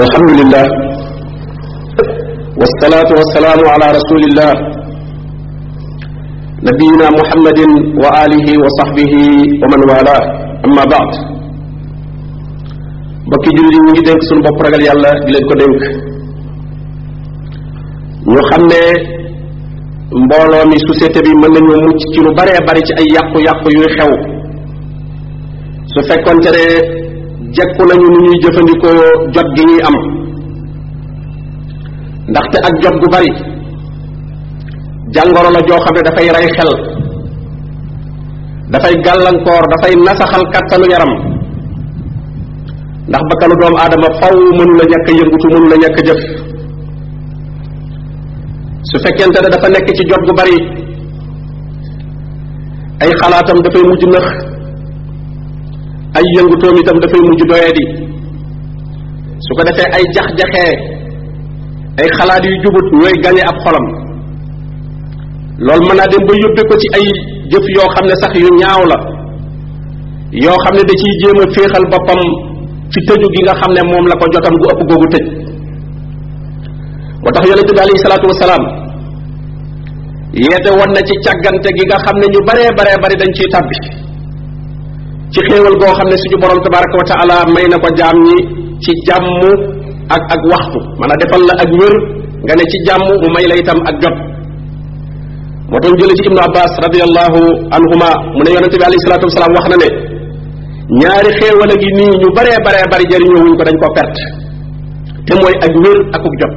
alhamdulillah wasalaatu wasalaamu ala rasulillah nabiyina muhammadin wa alihi wa sahbihi wa man wala amma baad mbokki jullit yi ñu ngi dénk suñu bopp ragal yàlla di leen ko dénk ñu xam ne mbooloo mi société bi mën nañoo mucc ci lu baree bari ci ay yàqu-yàqu yuy xew su fekkoonte ne jekku nañu nu ñuy jëfandikoo jot gi ñuy am ndaxte ak jot gu bari jàngoro la joo xam ne dafay rey xel dafay gàllankoor dafay nasaxal kàttanu yaram ndax bakkanu doomu aadama faw mënu la ñàkk yëngutu mënu la ñàkk jëf su fekkente ne dafa nekk ci jot gu bari ay xalaatam dafay mujj nëx ay yëngutoom itam dafay mujj doyadi su ko defee ay jax-jaxee ay xalaat yu jubut ñooy gañe ab xolam loolu mën naa dem ba yóbbe ci ay jëf yoo xam ne sax yu ñaaw la yoo xam ne da ciy jéem a féexal boppam fi tëju gi nga xam ne moom la ko jotam gu ëpp googu tëj moo tax yonente bi alayhi salaatu wasalaam yeete woon na ci càggante gi nga xam ne ñu baree baree bari dañ ciy tàbbi ci xéewal goo xam ne suñu borom tabaraka wa taala may na ko jaam ñi ci jàmm ak ak waxtu a defal la ak wér nga ne ci jàmm mu may la itam ak jot moo tax jële ci ibnu abbas radiallahu anhuma mu ne yonente bi alayhi salatu wasalaam wax na ne ñaari xéewal ñu baree baree bari jëriñoo wuñ ko dañ ko mooy ak wér ak uk jot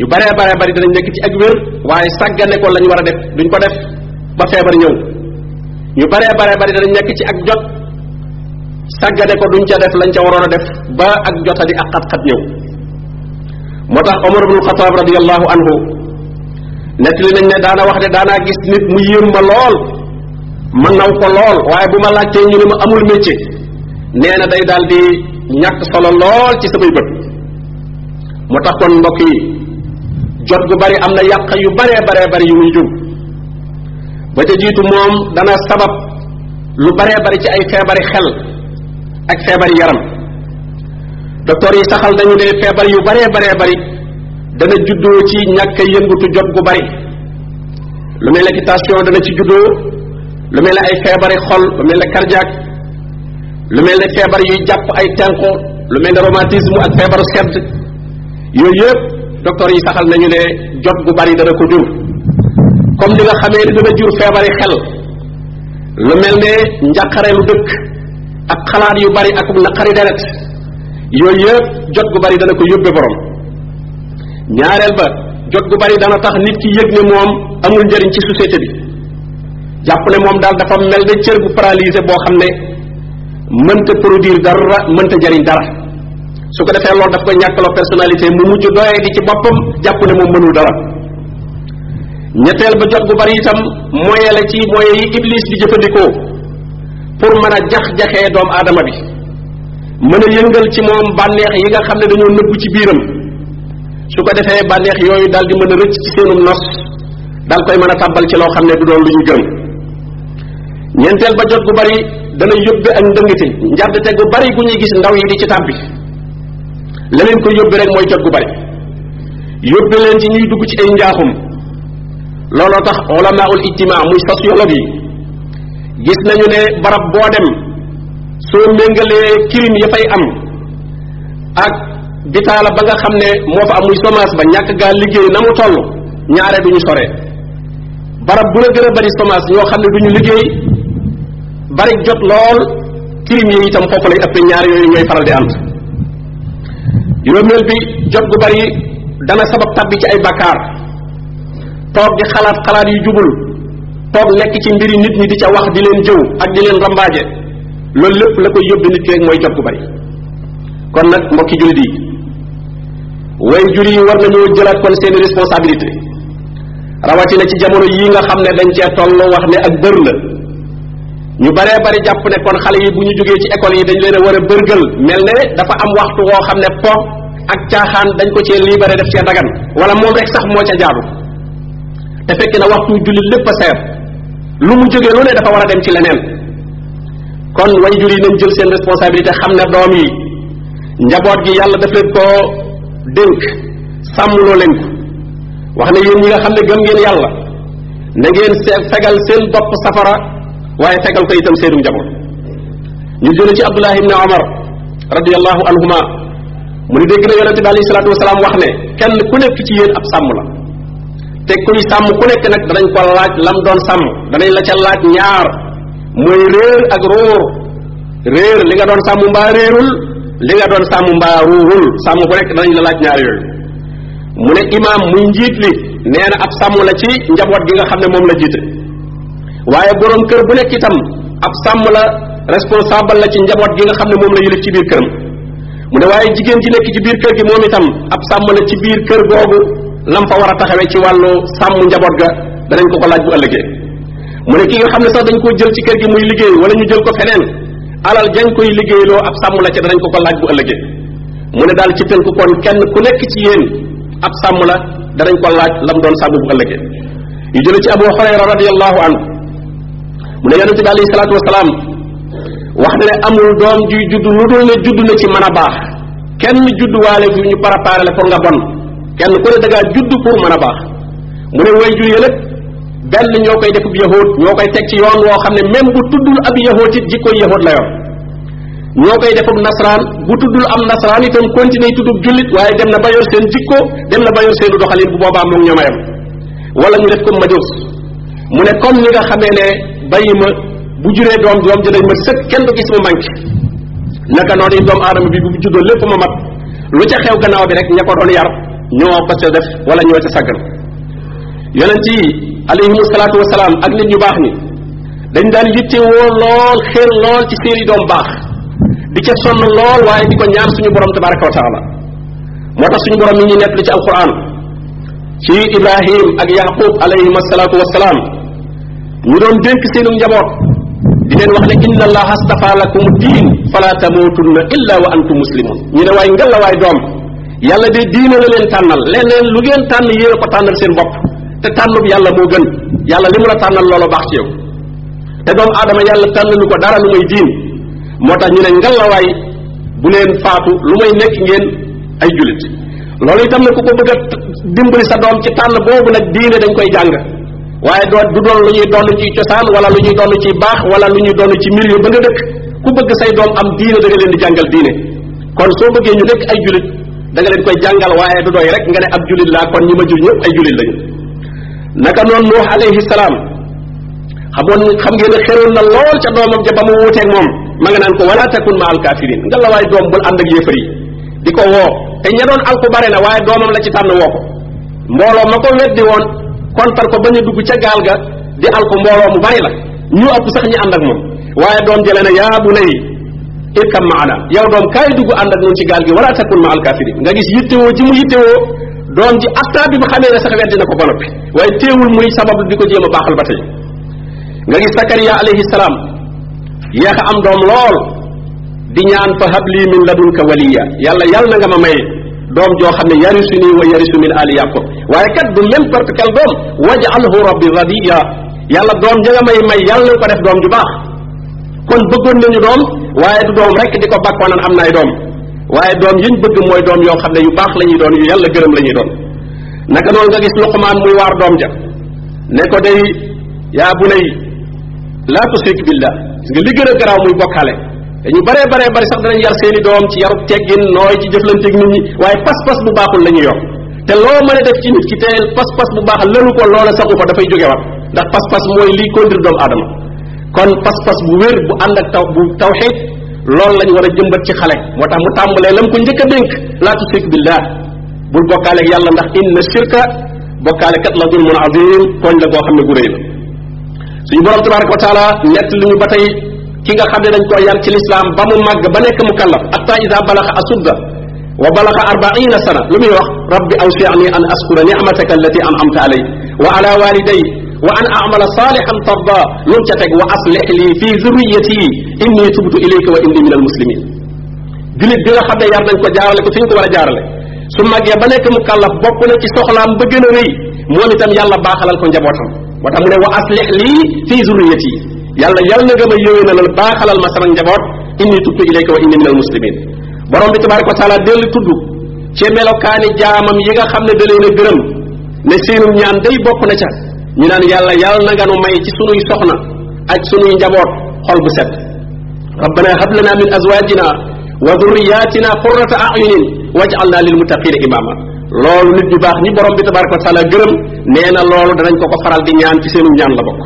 ñu baree baree bari danañ nekk ci ak wér waaye sàggane ko lañu war a def duñ ko def ba feebar ñëw ñu baree baree bari danañ nekk ci ak jot sàggane ko duñ ca def lañ ca waroon a def ba ak jotali ak xat-xat ñëw moo tax Omar ibn Xataab radiyallahu anhu nettali nañ ne daana wax ne daanaa gis nit mu yéem ma lool ma naw ko lool waaye bu ma laajtee ñu ne ma amul métier nee na day daal di ñàkk solo lool ci samay bët moo tax kon mbokk yi jot gu bari am na yàq yu baree baree bari yu muy jur ba ca jiitu moom dana sabab lu baree bari ci ay feebari xel ak feebari yaram docteur yi saxal nañu ne feebar yu baree baree bari dana juddoo ci ñàkk yëngutu jot gu bari lu mel ne tension dana ci juddoo lu mel ne ay feebari xol lu mel ne cardiaque lu mel ne feebar yuy jàpp ay tenqo lu mel ne rhumatisme ak feebaru sedd yooyu yëpp docteur yi saxal nañu ne jot gu bari dana ko jur comme li nga xamee ne dana jur feebari xel lu mel ne lu dëkk ak xalaat yu bari ak naqari deret yooyu yëpp jot gu bari dana ko yóbbe borom ñaareel ba jot gu bari dana tax nit ki yëg ne moom amul njëriñ ci société bi jàpp ne moom daal dafa mel ne cër bu paralysé boo xam ne mënta produire dara mënta jariñ dara su ko defee loolu daf ko ñàkkaloo personnalité mu mujj doyee di ci boppam jàpp ne moom mënul dara ñetteel ba jot gu bari itam moye la ci moye yi iblis di jëfandikoo pour mën a jax jaxe doomu aadama bi mën a yëngal ci moom bànneex yi nga xam ne dañoo nëbbu ci biiram su ko defee bànneex yooyu daal di mën a rëcc ci seenum nos daal koy mën a tàbbal ci loo xam ne du doon lu ñu gëm ñeenteel ba jot gu bari dana yóbbe ak ndëngate te gu bari gu ñuy gis ndaw yi di ci tàbbi la leen ko yóbbe rek mooy jot gu bari yóbbe leen ci ñuy dugg ci ay njaaxum looloo tax ulamaul ijtimaa muy sociologue yi gis nañu ne barab boo dem soo méngalee crime ya fay am ak bitaala ba nga xam ne moo fa am muy ba ñàkk gaa liggéey na mu toll ñaare duñu sore barab bu la gën a bari chômage ñoo xam ne duñu liggéey bari jot lool crime yi itam foofu lay ëppee ñaar yooyu ñooy faral di ànd juróomeel bi jot gu bari dana sabab tabbi ci ay bàkkaar toog di xalaat xalaat yu jubul toog lekk ci mbir yi nit ñi di ca wax di leen jëw ak di leen rambaaje loolu lépp la koy yóbbu nit ki rek mooy jot gu bari kon nag mbokki jullit yi way jur yi war nañoo jëlaat kon seeni responsabilité rawatina ci jamono yii nga xam ne dañ cee toll wax ne ak bër la ñu baree bari jàpp ne kon xale yi bu ñu jógee ci école yi dañ leen a war a bërgël mel ne dafa am waxtu woo xam ne po ak caaxaan dañ ko cee libéré def cee dagan wala moom rek sax moo ca te fekk na waxtu julli lépp a seer lu mu jógee lu dafa war a dem ci leneen kon way jur yi nañ jël seen responsabilité xam ne doom yi njaboot gi yàlla daf leen koo dénk sàmmloo leen ko wax ne yéen ñi nga xam ne gëm ngeen yàlla na ngeen see fegal seen bopp safara waaye fegal ko itam seenu njaboot ñu jële ci abdullah ibni omar radiallahu anhuma mu ni dégg na yonente bi alayhi salaatu wasalaam wax ne kenn ku nekk ci yéen ab sàmm la te ku ñu sàmm ku nekk nag danañ ko laaj lam doon sàmm danañ la ca laaj ñaar mooy réer ak róor réer li nga doon sàmm mbaa réerul li nga doon sàmm mbaa ruurul sàmm ku nekk danañ la laaj ñaar yooyu mu ne imaam muy njiit li nee na ab sàmm la ci njaboot gi nga xam ne moom la jiite waaye boroom kër bu nekk itam ab sàmm la responsable la ci njaboot gi nga xam ne moom la yilif ci biir këram mu ne waaye jigéen ji nekk ci biir kër gi moom itam ab sàmm la ci biir kër googu lam fa war a taxawee ci wàllu sàmm njaboot ga danañ ko ko laaj bu ëllëgee mu ne ki nga xam ne sax dañ koo jël ci kër gi muy liggéey wala ñu jël ko feneen alal jañ koy liggéeyloo ab sàmm la ca danañ ko ko laaj bu ëllëgee mu ne daal ci tënk kon kenn ku nekk ci yéen ab sàmm la danañ ko laaj lam doon sàmm bu ëllëgee yu jële ci abu xurayra radiallahu anhu mu ne yonente bi alayhi salaatu wasalaam wax na ne amul doom juy judd lu dul ne judd na ci mën a baax kenn judduwaale ju ñu préparé la pour nga bon kenn ku ne da ngaa judd pour man a baax mu ne way jur ya nag benn ñoo koy def yahood ñoo koy teg ci yoon woo xam ne même bu tuddul ab yahood it jikkoy yahood la yor ñoo koy def ab nasaraan bu tuddul am nasaraan itam continuer tuddub jullit waaye dem na ba yor seen jikko dem na ba yor seenu doxalin bu boobaa moom ñoom a yem wala ñu def comme majus mu ne comme ni nga xamee ne bayi ma bu juree doom doom ji dañ ma sëkk kenn du gis mu manqué naka noonu doomu aadama bi bu juddoo lépp ma lu ca xew gannaaw bi rek ña ko ñoo ko ca def wala ñoo ca sàggan yonent yi alayhimu salaatu salaam ak nit ñu baax ni dañ daan yittewoo lool xéer lool ci seeni doom baax di ca sonn lool waaye di ko ñaan suñu borom tabaraka wa taala moo tax suñu borom ñu ñuy li ci alquran ci ibrahim ak yaqub alayhim asalaatu wasalaam ñu doon dénk seenu njaboot di leen wax ne inna allaha astafa lakum diin fala tamutunna illa wa ñu ne waay ngel la waay doom yàlla de diine la leen tànnal leneen lu ngeen tànn yéen ko tànnal seen bopp te tànnub yàlla moo gën yàlla li mu la tànnal loola baax ci yow te doomu aadama yàlla tànnalu ko dara lu may diin moo tax ñu ne ngalawaay bu leen faatu lu may nekk ngeen ay jullit loolu tam ne ku ko bëgg a sa doom ci tànn boobu nag diine dañ koy jàng waaye doo du doon lu ñuy doon ci cosaan wala lu ñuy doon ci baax wala lu ñuy doon ci milieu ba nga dëkk ku bëgg say doom am diine da di jàngal diine kon soo ñu nekk ay jullit da leen koy jàngal waaye du doy rek nga ne ab jullit laa kon ñi ma jur ñëpp ay jullit lañu naka noonu nuux alayhi salaam xamoon xam ngeen ne xeroon na lool ca doomam ja ba mu wuuteeg moom ma nga naan ko wala takun ma alkaafiriin nga la waay doom bul ak yéefar di ko te ña doon alku na waaye doomam la ci tànn woo ko mbooloo ma ko weddi woon kontar ko bañ a dugg ca gaal ga di alku mbooloo mu bari la ñu ëpp sax ñi ànd ak moom waaye doom jëlee na yaa bu yi irkam maana yow doom kaay dugg ànd ak ñun ci gaal gi wala takun ma alkaafiri nga gis yittewoo ji mu yittewoo doom ji afta bi mu xamee ne sax weddi na ko ba noppi waaye teewul muy sabab di ko jéem a baaxal ba tey nga gis Sakariya alayhi salaam yéex a am doom lool di ñaan fa habli min ladunka waliya yàlla yàlla na nga ma may doom joo xam ne yarisu nii wa yarisu min ali yaqub waaye kat du n'importe quel doom wajalhu rabbi radiya yàlla doom ja nga may may yàlla na ko doom ju baax kon bëggoon nañu doom waaye du doom rek di ko bàkkoo naan am na ay doom waaye doom yiñ bëgg mooy doom yoo xam ne yu baax la ñuy doon yu yàlla gërëm la ñuy doon naka noonu nga gis luqmaan muy waar doom ja ne ko day yaa bu nay laa tushrik billah gis nga li gën a garaaw muy bokkaale te ñu baree baree bari sax danañ yar seeni doom ci yarub teggin nooy ci jëflanteeg nit ñi waaye pas-pas bu baaxul la ñuy yor te loo mën a def ci nit ki teel pas-pas bu baax lalu ko loola saxu ko dafay jóge wat ndax pas-pas mooy liy conduire kon pas-pas bu wér bu ànd ak taw bu tawxid loolu lañ war a jëmbat ci xale moo tax mu tàmbalee lam ko njëkk a dénk laa tushrik billah bul bokkaale yàlla ndax inna shirka bokkaale kat la zulmun azim tooñ le goo xam ne gu rëy la suñu borom tabaraka wa taala nett ñu ba tey ki nga xam ne dañ koo yar ci lislaam ba mu màgg ba nekk mu kallaf hatta ida balaxa asudda wa balaxa arbaina sana lu wax rabbi awsi'ni an askura ni'mataka allati an'amta alay wa ala waliday wa an amala salihan tarda lu mu ca teg wa aslih lii fii zurriyati inni tubtu ilayka wa inni min al muslimin jullit bi nga xam ne yar nañ ko jaarale ko fi ñu ko war a jaarale su màggee ba nekk mu kàllaf bokk na ci soxlaam ba gën a rëy moom itam yàlla baaxalal ko njabootam moo tax mu ne wa aslih lii fii zurriyati na nga ma yéwénalal baaxalal ma sama njaboot inni tubtu ilayka wa inni min al muslimin borom bi tabaraka wa taala dellu tudd ci melokaani jaamam yi nga xam ne da leen a gërëm ne seenu ñaan day bokk na ca ñu naan yàlla yàlla na nga nu may ci sunuy soxna ak sunuy njaboot xol bu set rabbana hab lana min azwajina wa dhurriyatina qurrata a'yunin waj'alna lil muttaqina imama loolu nit ñu baax ñi borom bi tabaraka wa taala gërëm nee na loolu danañ ko ko faral di ñaan ci seenu ñaan la bokk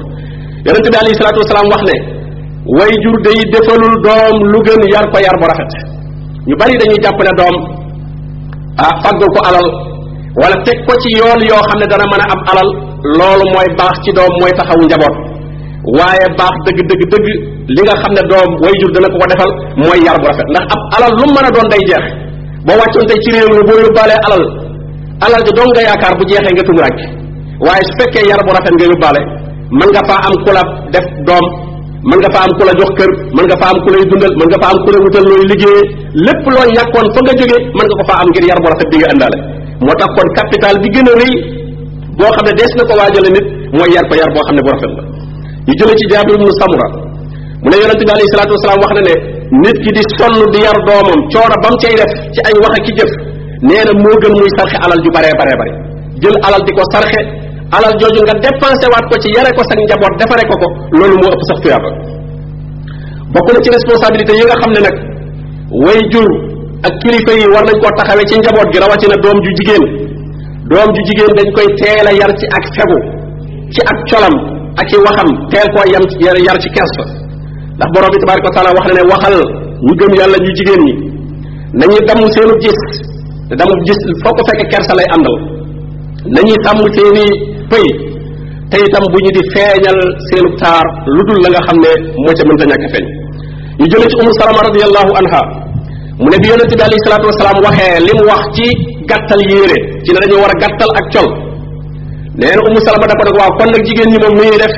yonente bi alayhi salaatu wasalaam wax ne way jur day defalul doom lu gën yar ko yar bu rafet ñu bari dañuy jàpp ne doom ah fàggul ko alal wala teg ko ci yoon yoo xam ne dana mën a am alal loolu mooy baax ci doom mooy taxawu njaboot waaye baax dëgg dëgg dëgg li nga xam ne doom jur dana ko ko defal mooy yar bu rafet ndax ab alal lu mën a doon day jeex boo wàccoon tey ci réew mi boo yóbbaalee alal doom nga yaakaar bu jeexee nga tumurànk waaye su fekkee yar bu rafet nga yóbbaale mën nga faa am ku la def doom mën nga faa am ku la jox kër mën nga faa am ku lay dundal mën nga faa am ku la wutal looy liggéeyee lépp loo ñàkkoon fa nga jógee mën nga ko faa am ngir yar bu rafet bi nga àndaale moo tax kon capital bi gën a rëy boo xam ne dees na ko waajale nit mooy yar ko yar boo xam ne bu rafet la ñu jëlee ci Jaabir ibnu Samura mu ne yonente bi alayhi salaatu wax na ne nit ki di sonn di yar doomam coono ba mu cay def ci ay wax ak jëf nee moo gën muy sarxe alal ju baree baree bare jël alal di ko sarxe alal jooju nga dépensé waat ko ci yare ko sag njaboot defare ko ko loolu moo ëpp sax tuyaaba bokk na ci responsabilité yi nga xam ne nag way ak kilifa yi war nañ koo taxawee ci njaboot gi rawatina doom ju jigéen doom ju jigéen dañ koy teel a yar ci ak fegu ci ak colam ak i waxam teel koo yam yar ci kersa ndax borom bi tabaraka wa taala wax na ne waxal ñu gëm yàlla ñu jigéen ñi nañuy damm seenu gis te damu gis foo ko fekk kersa lay àndal nañuy sàmm seeni pëy te tam bu ñu di feeñal seenu taar lu dul la nga xam ne moo ca mënta ñàkk feeñ ñu jëlee ci umu salama radiallahu anha mu ne bi yonente bi alayhi salaatu wasalaam waxee li mu wax ci gàttal yéere ci ne dañu war a gàttal ak col nee na umu salama dafa nag waaw kon nag jigéen ñi moom muy def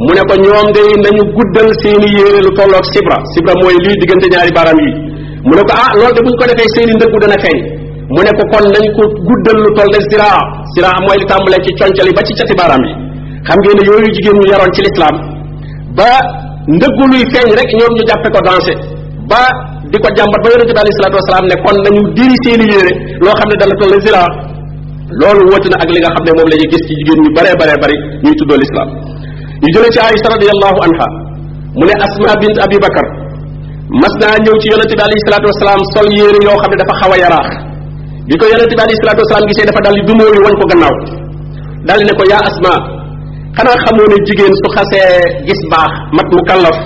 mu ne ko ñoom de nañu guddal seeni yéere lu tolloog sibra sibra mooy lii diggante ñaari baaraam yi mu ne ko ah loolu de bu ñu ko defee seeni ndëggu dana feeñ mu ne ko kon nañ ko guddal lu toll de ziraa ziraa mooy li tàmbalee ci concali ba ci cati baaraam yi xam ngeen ne yooyu jigéen ñu yaroon ci ba ndëggu luy feeñ rek ñoom ñu jàppe ko danse ba di ko jàmbat ba yonente bi alayhi salaatu wasalaam ne kon nañu diri seeni yére loo xam ne dana toll zira loolu wóote na ak li nga xam ne moom la ñuy gis ci jigéen ñu baree baree bari ñuy tuddoo lislaam ñu jëlee ci Aïcha radiallahu anha mu ne Asma bint Abi Bakar mas naa ñëw ci yonente bi alayhi salaatu wasalaam sol yére yoo xam ne dafa xaw a yaraax bi ko yonente bi alayhi salaatu wasalaam gisee dafa dal di dumóoyu wañ ko gannaaw dal di ne ko yaa Asma xanaa xamoo ne jigéen su xasee gis baax mat mu kallaf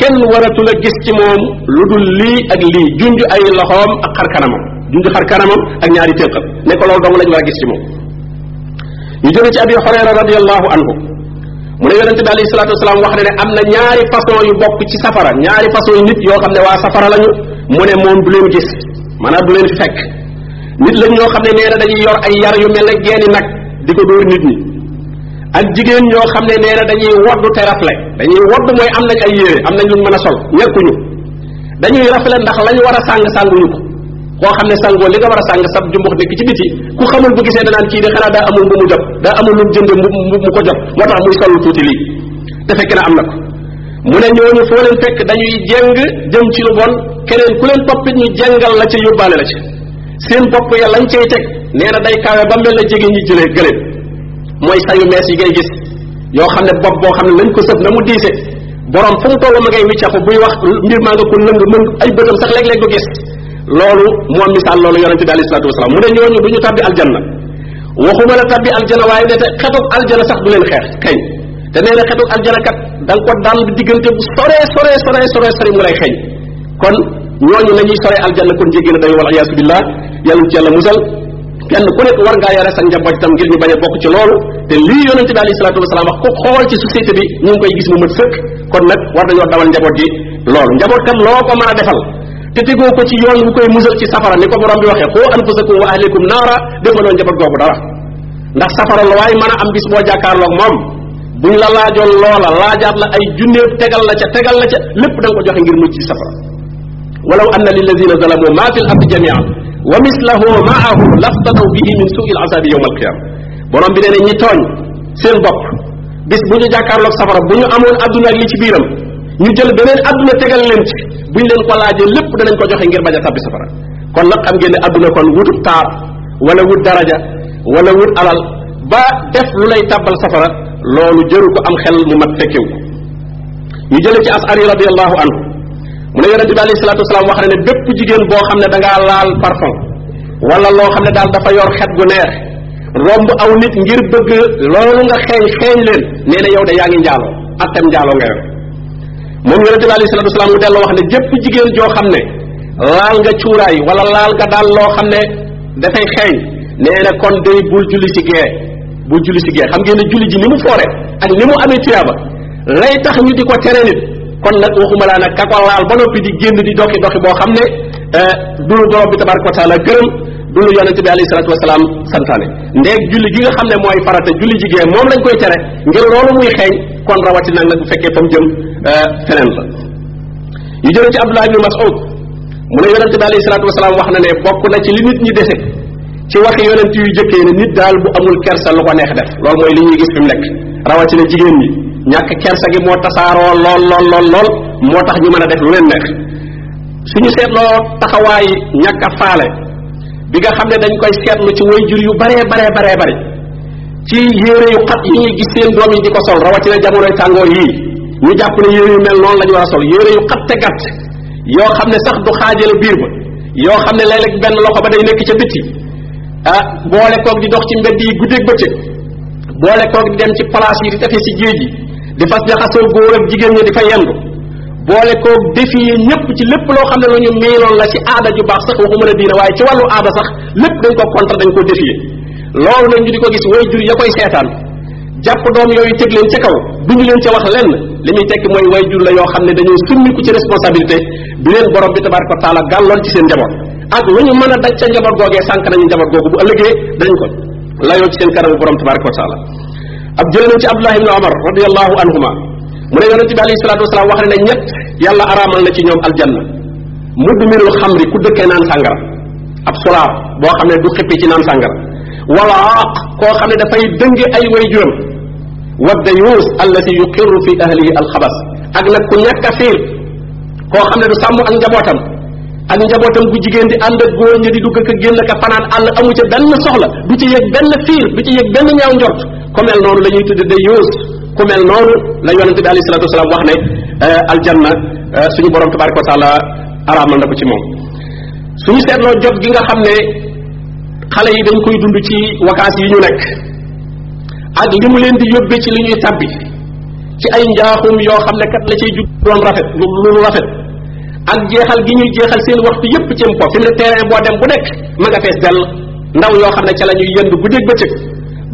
kenn waratu la gis ci moom lu dul lii ak lii junj ay loxoom ak xar kanamam junj xar kanamam ak ñaari téqam ne ko loolu dong lañ war a gis ci moom ñu jóge ci abi xurayra radiallahu anhu mu ne yonente bi alayhi salatu wasalaam wax ne ne am na ñaari façon yu bokk ci safara ñaari façon yu nit yoo xam ne waa safara lañu mu ne moom du leen gis maanaam du leen fi fekk nit lañ ñoo xam ne nee na dañuy yor ay yar yu mel na geeni nag di ko dóor nit ñi ak jigéen ñoo xam ne nee na dañuy woddu te rafle dañuy wodd mooy am nañ ay yére am nañ luñ mën a sol ñekkuñu dañuy rafle ndax lañ war a sàng sànguñu ko koo xam ne sàngoo li nga war a sàng sab jumbux nekk ci biti ku xamul bu gisee danaan kii de xanaa daa amul bu mu jot daa amul lu mu jënde mu mu ko jot moo tax muy sol tuuti lii te fekk na am na ko mu ne ñooñu foo leen fekk dañuy jeng jëm ci lu bon keneen ku leen toppit ñu jengal la ca yóbbaale la ca seen bopp ya lañ cay teg nee na day kaawe ba mel na jigéen ñi jëlee gëléem mooy sangu mees yi ngay gis yoo xam ne bopp boo xam ne lañ ko sëf na mu diise borom fu mu toll ma ngay wiccaxu buy wax mbir maa nga ko lëng mën ay bëtam sax léeg-léeg du gis loolu moom misaal loolu yonente bi alayhi salatu wasalaam mu ne ñooñu du ñu tabbi aljanna waxuma la tabbi aljana waaye ne te xetug aljana sax du leen xeex xeeñ te nee na xetug aljana kat da nga daan diggante bu soree soree soree soree soree mu lay xeeñ kon ñooñu nañuy soree aljanna kon jéggi na day wal iyaasu billah yàlla jàlla musal kenn ku nekk war ngaa yore sa njaboot itam ngir ñu bañ a bokk ci loolu te lii yonente bi alayhi salaatu wax ko xool ci société bi ñu ngi koy gis mu mat sëkk kon nag war dañoo dawal njaboot gi loolu njaboot kat loo ko mën a defal te tegoo ko ci yoon bu koy musal ci safara ni ko borom bi waxee xoo anfusakum wa ahlikum naara defaloo njaboot googu dara ndax safara la waaye man a am bis boo jàkkaarloog moom ñu la laajoon loola laajaat la ay junneeb tegal la ca tegal la ca lépp da ko joxe ngir mucc ci safara walaw anna lillazina zalamu ma fil ardi jami'an wa mislahu maahu laftadaw bihi min suui alazabi yowma alqiyama borom bi nee na ñi tooñ seen bopp bis bu ñu jàkkaarloog safara bu ñu amoon adduna ak li ci biiram ñu jël beneen adduna tegal leen ci bu ñu leen ko laajee lépp danañ ko joxe ngir bañ a tabbi safara kon nag xam ngeen ne adduna kon wutub taar wala wut daraja wala wut alal ba def lu lay tabbal safara loolu jëru ko am xel mu mat fekkewu ñu jële ci asari radiallahu anhu mu ne yonente bi alayhi salatu wax na ne bépp jigéen boo xam ne da ngaa laal parfum wala loo xam ne daal dafa yor xet gu neex romb aw nit ngir bëgg loolu nga xeeñ xeeñ leen nee na yow de yaa ngi njaaloo attam njaaloo nga yor moom yonente bi alayhi salatu wasalaam mu delloo wax ne jëpp jigéen joo xam ne laal nga cuuraay wala laal nga daal loo xam ne dafay xeeñ nee na kon day bul julli si gee bul julli si gee xam ngeen ne julli ji ni mu foore ak ni amee tuyaaba lay tax kon nag waxuma laa nag ka ko laal ba noppi di génn di doxi doxi boo xam ne eh, du lu borom bi tabaraka wa taala gërëm du lu yonente bi alayhi salatu wasalaam santaane ndeeg julli gi nga xam ne mooy farata julli jigéen moom lañ koy tere ngir loolu muy xeeñ kon rawati nag nag bu fekkee fa mu jëm eh, feneen la yu jëlee ci Abdullah ibn Mas'ud mu ne yonente bi alayhi salatu wasalaam wax na ne bokk na ci li nit ñi dese ci waxi yonent yu jëkkee ne nit daal bu amul kersa lu ko neex def loolu mooy li ñuy gis fi rawatina jigéen ñi ñàkk kersa gi moo tasaaroo lool lool lool lool moo tax ñu mën a def lu leen neex suñu seetloo taxawaay ñàkk a faale bi nga xam ne dañ koy seetlu ci way jur yu baree baree baree bari ci yére yu xat yi ñuy gis seen doom yi di ko sol rawatina jamonoy tàngoor yii ñu jàpp ne yére yu mel noonu la ñu war a sol yére yu xat te gàtt yoo xam ne sax du xaajale biir ba yoo xam ne léeg-léeg benn loxo ba day nekk ca bitti ah boole koog di dox ci mbedd yi guddeeg bëccëg boole koog dem ci place yi di ci géej yi di fas jaxasoo góor ak jigéen ñi di fa yendu boole koo défier ñëpp ci lépp loo xam ne lu ñu miinoon la ci aada ju baax sax waxuma la diina waaye ci wàllu aada sax lépp dañ ko contre dañ ko défier loolu nag di ko gis way jur ya koy seetaan jàpp doom yooyu teg leen ca kaw duñu leen ca wax lenn li muy tekki mooy way jur la yoo xam ne dañoo summiku ci responsabilité bi leen borom bi tabaraka wa taala gàlloon ci seen njaboot ak lu ñu mën a daj ca njaboot googee sànq nañu njaboot googu bu ëllëgee dañ ko layoo ci seen kanamu borom tabaraka wa taala ab jël nañ ci abdullah ibn omar radiallahu anhuma mu ne yonente bi alayhi salatu wasalaam wax ne ne ñett yàlla araamal na ci ñoom aljanna mudd mirul xamri ku dëkkee naan sàngara ab solaab boo xam ne du xippi ci naan sàngara wala koo xam ne dafay dënge ay way juram wa dayuus allati yuqirru fi ahlihi alxabas ak nag ku ñàkk a koo xam ne du sàmm ak njabootam ak njabootam gu jigéen di ànd ak góor ña di dugg ak a génn ak a fanaan àll amu ca benn soxla du ci yëg benn fiir du ci yëg benn ñaaw njort ku mel noonu la ñuy tudde day yoos ku mel noonu la yonente bi alayhi salatu wasalaam wax ne eh, aljanna eh, suñu borom tabaraka wa taala araamal na ko ci moom suñu seetloo jot gi nga xam ne xale yi dañ koy dund ci vacances yi ñu nekk ak li mu leen di yóbbee ci li ñuy tabbi ci ay njaaxum yoo xam ne kat la cay jug doon rafet lu lu rafet ak jeexal gi ñuy jeexal seen waxtu yépp ci mpo fi mu ne terrain boo dem bu nekk ma nga fees dell ndaw yoo xam ne ca la ñuy yënd guddeeg bëccëg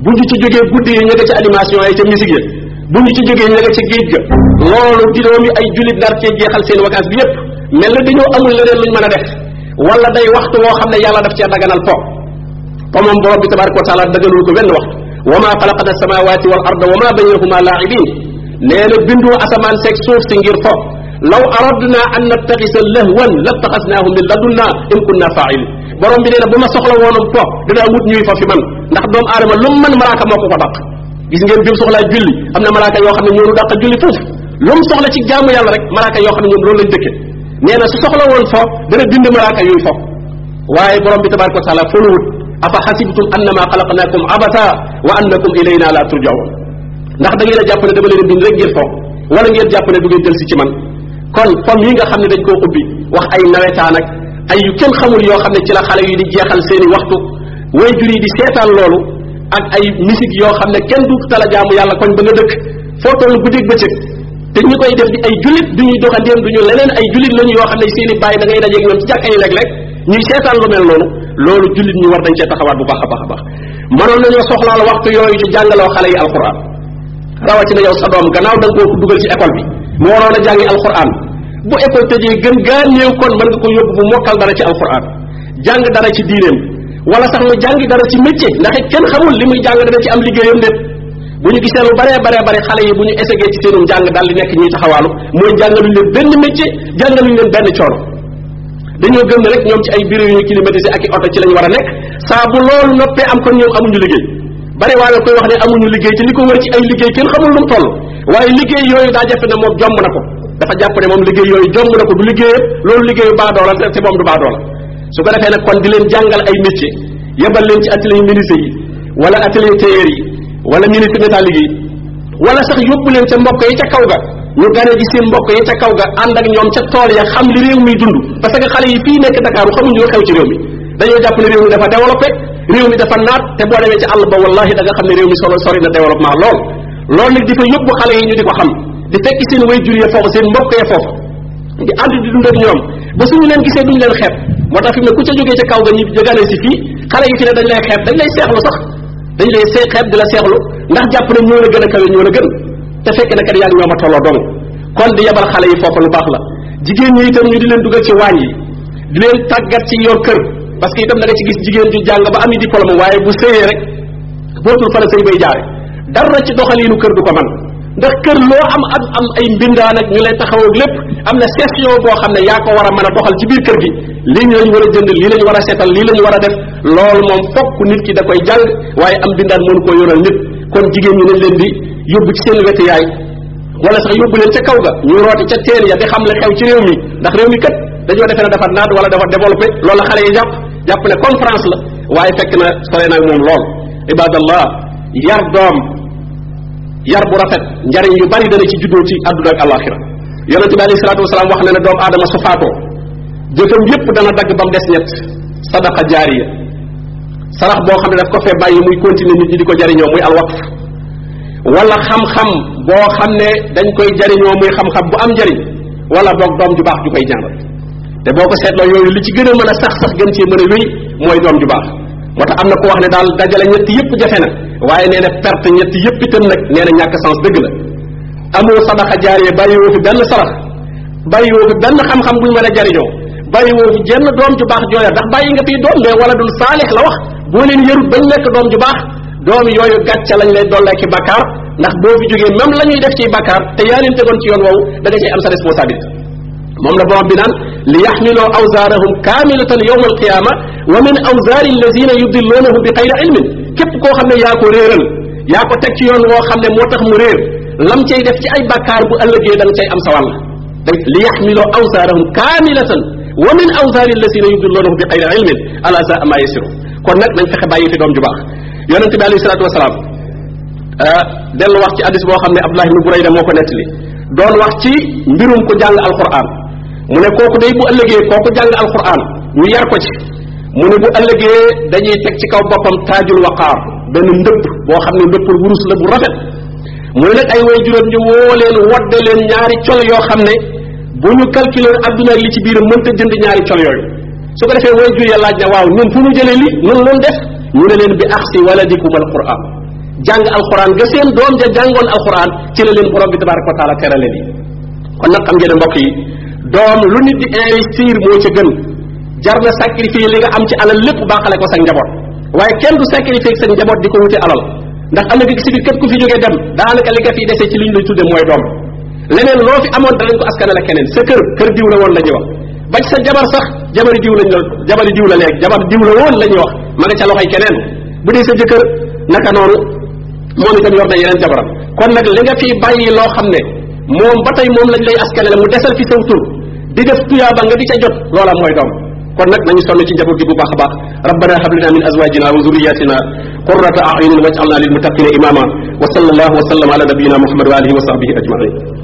bu ñu ci jógee guddi yi ñu nga ci animation yi ca musique yi bu ñu ci jógee ñu nga ca géej ga loolu juróomi ay jullit nar cee jeexal seen vacances bi yépp mel na dañoo amul leneen lu ñu mën a def wala day waxtu woo xam ne yàlla daf cee daganal po po moom borom bi tabaraka wa taala daganul ko benn waxtu wa ma xalaqna samawati wal wa ma baynahuma laibin nee na bindoo asamaan seeg suuf law aradna an nattaxisa lahwan lattaxasnaahu min ladunna in kunna faailin borom bi nee na bu ma soxla woonam toog dinaa wut ñuy fa fi man ndax doomu aadama lu man mën malaaka moo ko ko daq gis ngeen bi mu soxlaa julli am na malaaka yoo xam ne ñoo nu daq julli foofu lu mu soxla ci jaamu yàlla rek malaaka yoo xam ne ñoom loolu lañ dëkke nee na su soxla woon fo dana bind malaaka yuy fo waaye borom bi tabaraka wa taala foluwut afa xasibtum annama xalaqnaakum abasa wa annakum ilayna la turjaun ndax da ngeen a jàpp ne dama leen bind rek ngeen fo wala ngeen jàpp ne du ngeen jël si man kon pom yi nga xam ne dañ koo ubbi wax ay nawetaan ak ay yu kenn xamul yoo xam ne ci la xale yi di jeexal seeni waxtu waajur yi di seetaan loolu ak ay musique yoo xam ne kenn du tala jaamu yàlla koñ ba nga dëkk foo toll guddeeg bëccëg te ñu koy def di ay jullit du ñuy doxandéem du leneen ay jullit lañu yoo xam ne seeni bàyyi da ngay dajeeg ñoom ci jàkka yi léeg-léeg ñuy seetaan lu mel noonu loolu jullit ñu war dañ cee taxawaat bu baax a baax a baax mënoon nañoo soxlaal waxtu yooyu ci jàngaloo xale yi alquran rawatina gannaaw da nga bi mu waroon a bu école tëjee gën gaa kon man nga ko yóbbu bu mokkal dara ci alxuraan jàng dara ci diineem wala sax mu jàngi dara ci métier ndax kenn xamul li muy jàng dara ci am liggéeyam déet bu ñu gisee lu baree baree bare xale bu ñu essayé ci seenum jàng daal di nekk ñuy taxawaalu mooy leen benn métier jàngaluñ leen benn coono dañoo gëm ne rek ñoom ci ay bureau i lañ war a nekk saa bu loolu noppee am kon ñoom amuñu liggéey bari waa nga koy wax ne liggéey te ko wër liggéey kenn xamul lu mu toll waaye yooyu daa jafe ne moom jomb na ko dafa jàpp ne moom liggéey yooyu jomb na ko du liggéeyam loolu liggéeyu baadoola te te moom du baadoola su ko defee nag kon di leen jàngal ay métier yebal leen ci atelier menuisier yi wala atelier tailleur yi wala menuisier métallique yi wala sax yóbbu leen ca mbokk yi ca kaw ga ñu gane ji seen mbokk yi ca kaw ga ànd ak ñoom ca tool ya xam li réew mi dund parce que xale yi fii nekk Dakar xamuñu xew ci réew mi dañoo jàpp ne réew mi dafa développé réew xam ne réew mi solo sori na développement lool loolu nag di ko yóbbu di fekk seen way jur ya foofu seen mbokk ya foofu di ànd di dund ñoom ba suñu leen gisee duñu leen xeeb moo tax fi mu ne ku ca jógee ca kaw ga ñu jëgane si fii xale yi fi ne dañ lay xeeb dañ lay seexlu sax dañ lay xeeb di la seexlu ndax jàpp na ñoo la gën a kawe ñoo la gën te fekk na kat yaa ngi ñoom a tolloo dong kon di yebal xale yi foofu lu baax la jigéen ñi itam ñu di leen dugal ci waañ yi di leen tàggat ci yor kër parce que itam da nga ci gis jigéen ju ba ami diplôme waaye bu sëyee rek bootul fa la sëy bay jaare dara ci doxaliinu kër du ko man ndax kër loo am am am ay mbindaan ak ñu lay taxaw ak lépp am na session boo xam ne yaa ko war a mën a doxal ci biir kër gi lii lañu war a jënd lii lañu war a seetal lii lañu war a def loolu moom fokk nit ki da koy jàng waaye am mbindaan mënu koo yoral nit kon jigéen ñi nañ leen di yóbbu ci seen wetu yaay wala sax yóbbu leen ca kaw ga ñu rooti ca teen ya di xam le xew ci réew mi ndax réew mi kat dañoo defee ne dafa naat wala dafa développé loolu xale yi jàpp jàpp ne la waaye fekk na sore nag moom lool ibadallah yar doom yar bu rafet njariñ yu bari dana ci juddoo ci àdduna ak alaxira yonente bi alayhi salaatu wasalaam wax na ne doomu aadama su faatoo jëfam yépp dana dagg ba mu des ñett sadaqa jaariya sarax boo xam ne daf ko fee bàyyi muy continuer nit ñi di ko jariñoo muy alwaqf wala xam-xam boo xam ne dañ koy jariñoo muy xam-xam bu am njariñ wala boog doom ju baax ju koy jàngal te boo ko seetloo yooyu li ci gën a mën a sax sax gën cee mën a wéy mooy doom ju baax moo tax am na ku wax ne daal dajale ñett yépp jafe na waaye nee na perte ñett yëpp itam nag nee na ñàkk sens dëgg la amoo sadaxa jaaree bàyyiwoo fi benn sarax bàyyiwoo fi benn xam-xam buñ mën a jariñoo bàyyiwoo fi jenn doom ju baax jooya ndax bàyyi nga fiy doom mais wala dul saalix la wax boo leen yarut bañ nekk doom ju baax doom yooyu gàcca lañ lay dollee ki bakkaar ndax boo fi jógee même la ñuy def ciy bakkaar te yaa leen tegoon ci yoon woowu da nga cay am sa responsabilité moom la borom bi naan li yaxmiloo awsaarahum kaamilatan yowma alqiyaama wa min awsaari alladina yudilloonahum bi xayri ilmin képp koo xam ne yaa ko réeral yaa ko teg ci yoon woo xam ne moo tax mu réer lam cay def ci ay bakkaar bu ëllëgee da nga cay am sa wàll li yaxmiloo awsaarahum kaamilatan wa min awsaari alladina yudilloonahum bi xayri ilmin ala saa ma yasiru kon nag nañ fexe bàyyi fi doom ju baax yonente bi alayhi salaatu wasalaam dellu wax ci addis boo xam ne Abdullah ibnu Burayda moo ko nettali doon wax ci mbirum ku jàng alquran mu ne kooku day bu ëllëgee kooku jàng alquran ñu yar ko ci mu ne bu ëllëgee dañuy teg ci kaw boppam taajul waqaar benn ndëpp boo xam ne ndëppul wurus la bu rafet mu ne nag ay way juróom ñu woo leen wadde leen ñaari col yoo xam ne bu ñu calculer adduna li ci biiram mënta jënd ñaari col yooyu su ko defee way jur ya laaj na waaw ñun fu ñu jëlee li nun loolu def ñu ne leen bi axsi waladikum alquran jàng alquran ga seen doom ja jàngoon alquran ci la leen borom bi tabaraka wa taala terale li kon nag xam ne mbokk yi doom lu nit di investir moo ca gën jar na sacrifier li nga am ci alal lépp baaxale ko sa njaboot waaye kenn du sacrifier sa njaboot di ko wute alal ndax am na gi si biir képp ku fi jógee dem daanaka li nga fi dese ci li ñu lay tudde mooy doom leneen loo fi amoon keneen sa kër kër diw la woon la ñuy wax ba ci sa jabar sax jabari diw lañ la jabari diw la léegi jabar diw la woon la ñuy wax ma nga ca loxoy keneen bu dee sa jëkkër naka noonu moom itam yor na yeneen jabaram kon nag li nga fi bàyyi loo xam ne moom ba tey moom lañ lay askanale mu desal fi saw tur di def tuyaaba nga di ca jot loola mooy doom kon nag nañu sonn ci njaboot gi bu baax a baax rabbana hab lana min azwajina wa zurriyatina qurrata a'yunin waj'alna lil muttaqina imama wa sallallahu wa sallam ala nabiyyina muhammad wa alihi wa sahbihi ajma'in